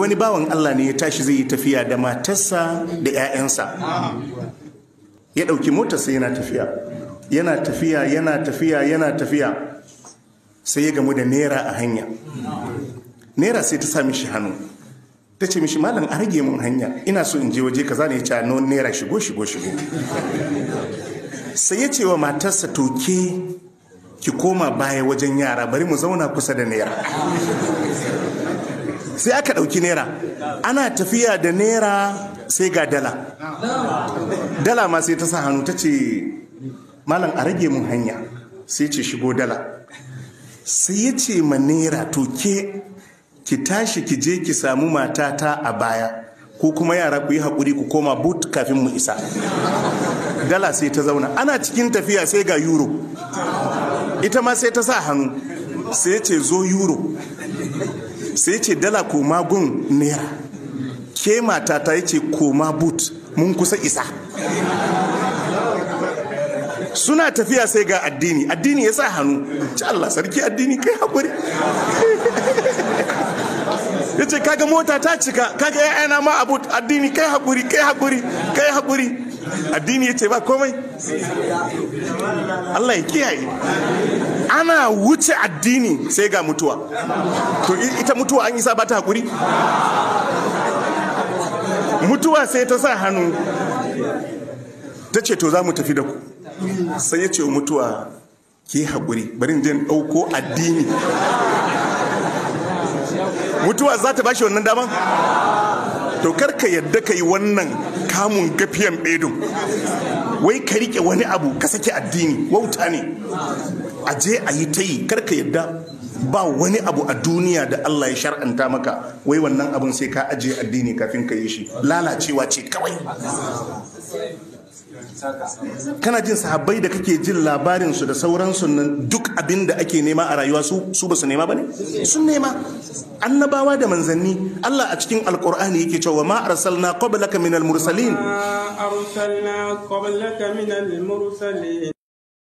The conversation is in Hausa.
wani bawan Allah ne ya tashi zai yi tafiya da matarsa da 'ya'yansa ya ɗauki motarsa yana tafiya yana tafiya yana tafiya yana tafiya sai ya gamu da naira a hanya naira sai ta sa mishi hannu ta ce mishi malam a rage mun hanya ina so in je waje kaza ne ya ce no naira shigo shigo shigo sai ya ce wa matarsa toke ki koma baya wajen yara bari mu zauna kusa da naira sai aka ɗauki naira ana tafiya da naira sai ga dala dala ma sai ta sa hannu ta ce malam a rage mun hanya sai ce shigo dala sai ya ce ma naira to ke ki tashi ki je ki samu matata a baya ko kuma yara ku yi haƙuri ku koma but kafin mu isa dala sai ta zauna ana cikin tafiya sai ga euro ita ma sai ta sa hannu sai ce zo euro sai ce dala koma gun naira ke mata ta yi ce koma boot mun kusa isa suna tafiya sai ga addini addini ya sa hannu ci Allah sarki addini kai haƙuri ya ce kaga mota ta cika kaga ya'yana ma abu addini kai haƙuri kai haƙuri kai haƙuri addini ya ce ba komai Allah ya kiyaye ana wuce addini sai ga mutuwa to ita mutuwa an isa ba ta hakuri mutuwa sai ta sa hannu ta ce to za mu tafi da ku sai ya ce mutuwa ki haƙuri bari jin ɗauko addini mutuwa za ta bashi wannan daman to karka yadda ka yi wannan kamun gafiyan bedun wai ka rike wani abu ka sake addini wauta ne a je a yi ta yi karka yadda ba wani abu a duniya da Allah ya shar'anta maka wai wannan abun sai ka ajiye addini kafin ka yi shi lalacewa ce kawai kana jin sahabbai da kake jin labarin su da sauransu nan duk abin da ake nema a rayuwa su su basu nema bane sun nema annabawa da manzanni Allah a cikin alqur'ani yake cewa ma arsalna qablaka minal mursalin arsalna qablaka minal mursalin